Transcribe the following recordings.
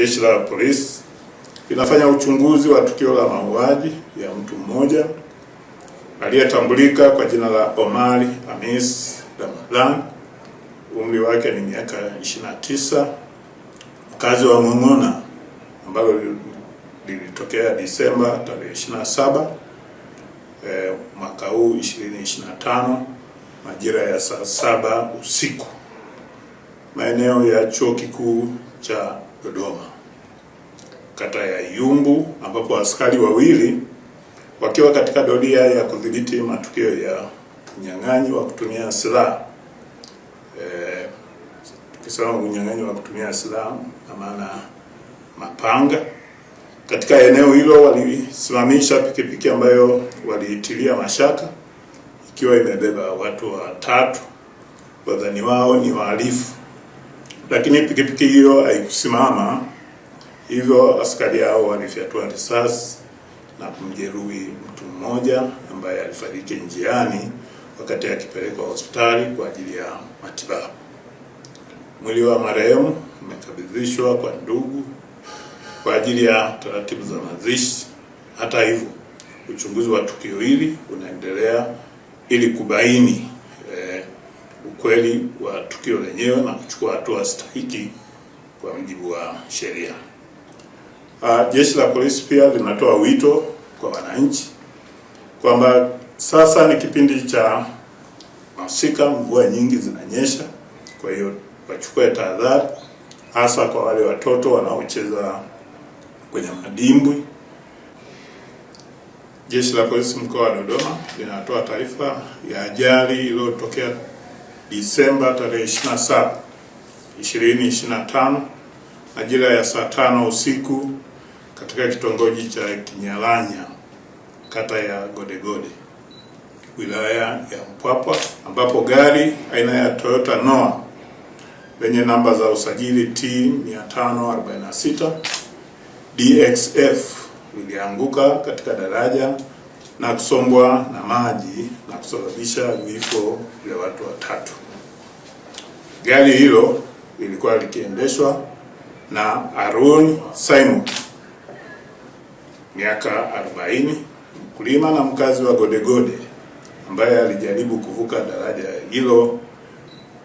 Jeshi la Polisi linafanya uchunguzi wa tukio la mauaji ya mtu mmoja aliyetambulika kwa jina la Omari Hamis Ramadhan, umri wake ni miaka 29, mkazi wa Ng'ong'ona, ambalo lilitokea Disemba tarehe 27 e, eh, mwaka huu 2025 majira ya saa saba usiku maeneo ya chuo kikuu cha Dodoma, kata ya Iyumbu, ambapo askari wawili wakiwa katika doria ya kudhibiti matukio ya unyang'anyi wa kutumia silaha e, tukisema unyang'anyi wa kutumia silaha na maana mapanga katika eneo hilo walisimamisha pikipiki ambayo waliitilia mashaka ikiwa imebeba watu watatu, wadhani wao ni wahalifu lakini pikipiki hiyo haikusimama, hivyo askari hao walifyatua risasi na kumjeruhi mtu mmoja ambaye alifariki njiani wakati akipelekwa hospitali kwa ajili ya matibabu. Mwili wa marehemu umekabidhishwa kwa ndugu kwa ajili ya taratibu za mazishi. Hata hivyo, uchunguzi wa tukio hili unaendelea ili kubaini ukweli wa tukio lenyewe na kuchukua hatua stahiki kwa mujibu wa sheria. Uh, jeshi la polisi pia linatoa wito kwa wananchi kwamba sasa ni kipindi cha masika, mvua nyingi zinanyesha, kwa hiyo wachukue tahadhari, hasa kwa wale watoto wanaocheza kwenye madimbwi. Jeshi la polisi mkoa wa Dodoma linatoa taarifa ya ajali iliyotokea Disemba tarehe 27, 2025 majira ya saa tano usiku katika kitongoji cha Kinyalanya kata ya Godegode wilaya ya Mpwapwa ambapo gari aina ya Toyota Noah lenye namba za usajili T 546 DXF lilianguka katika daraja na kusombwa na maji na kusababisha vifo vya watu watatu. Gari hilo lilikuwa likiendeshwa na Arun Simon miaka 40, mkulima na mkazi wa Godegode ambaye alijaribu kuvuka daraja hilo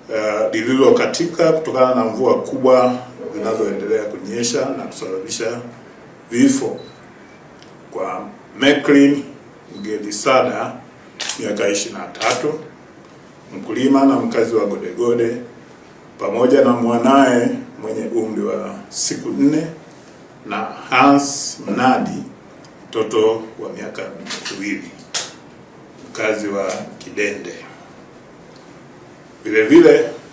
uh, eh, katika kutokana na mvua kubwa zinazoendelea kunyesha na kusababisha vifo kwa Mecklin Mgedisada miaka 23, mkulima na mkazi wa Godegode pamoja na mwanaye mwenye umri wa siku nne na Hans Mnadi mtoto wa miaka miwili mkazi wa Kidende. Vile vile